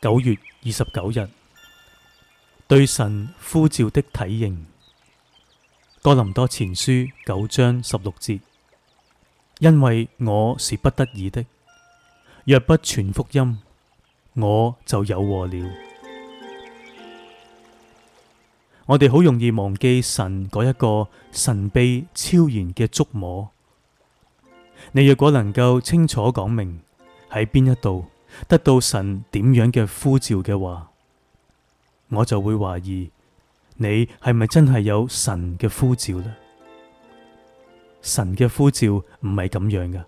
九月二十九日，對神呼召的體型。哥林多前書九章十六節。因為我是不得已的，若不傳福音，我就有禍了。我哋好容易忘記神嗰一個神秘超然嘅觸摸。你若果能夠清楚講明喺邊一度，得到神點樣嘅呼召嘅話，我就會懷疑你係咪真係有神嘅呼召呢？神嘅呼召唔係咁樣㗎，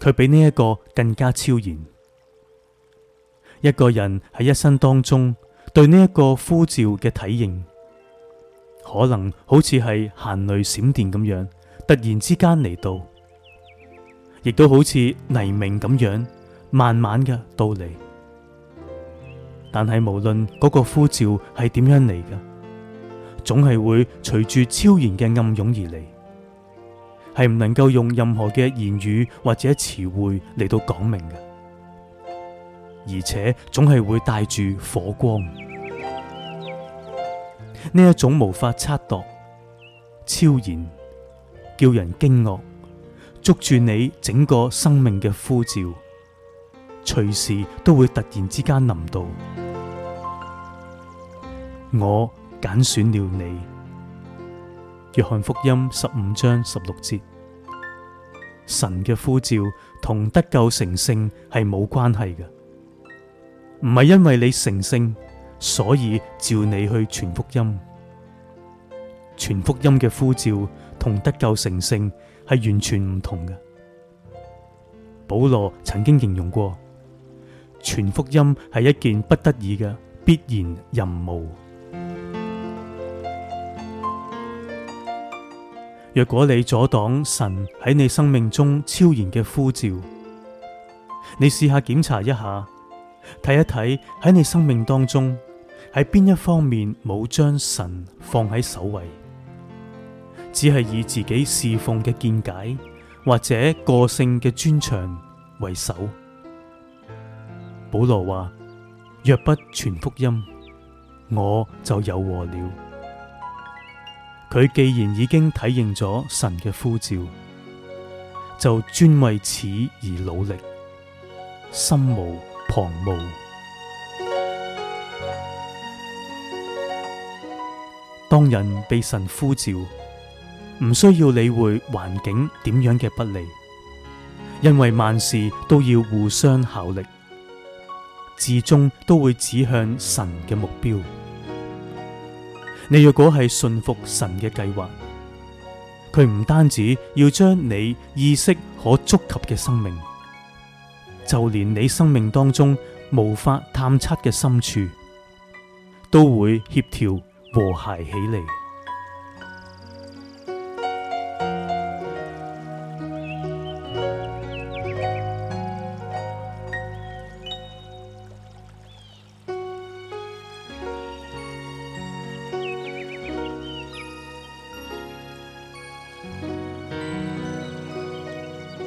佢比呢一個更加超然。一個人喺一生當中對呢一個呼召嘅體認，可能好似係行雷閃電咁樣突然之間嚟到，亦都好似黎明咁樣。慢慢嘅到嚟，但係無論嗰個呼召係點樣嚟嘅，總係會隨住超然嘅暗湧而嚟，係唔能夠用任何嘅言語或者詞彙嚟到講明嘅，而且總係會帶住火光。呢一種無法測度、超然，叫人驚愕，捉住你整個生命嘅呼召，隨時都會突然之間臨到，我揀選了你。約翰福音十五章十六節，神嘅呼召同得救成聖係冇關係嘅，唔係因為你成聖，所以召你去傳福音。傳福音嘅呼召同得救成聖係完全唔同嘅。保羅曾經形容過。全福音係一件不得已嘅必然任務。若果你阻擋神喺你生命中超然嘅呼召，你試下檢查一下，睇一睇喺你生命當中喺邊一方面冇將神放喺首位，只係以自己侍奉嘅見解或者個性嘅專長為首。保羅話：若不傳福音，我就有禍了。佢既然已經體認咗神嘅呼召，就專為此而努力，心無旁騖。當人被神呼召，唔需要理會環境點樣嘅不利，因為萬事都要互相效力。至終都會指向神嘅目標。你若果係信服神嘅計劃，佢唔單止要將你意識可觸及嘅生命，就連你生命當中無法探測嘅深處，都會協調和諧起嚟。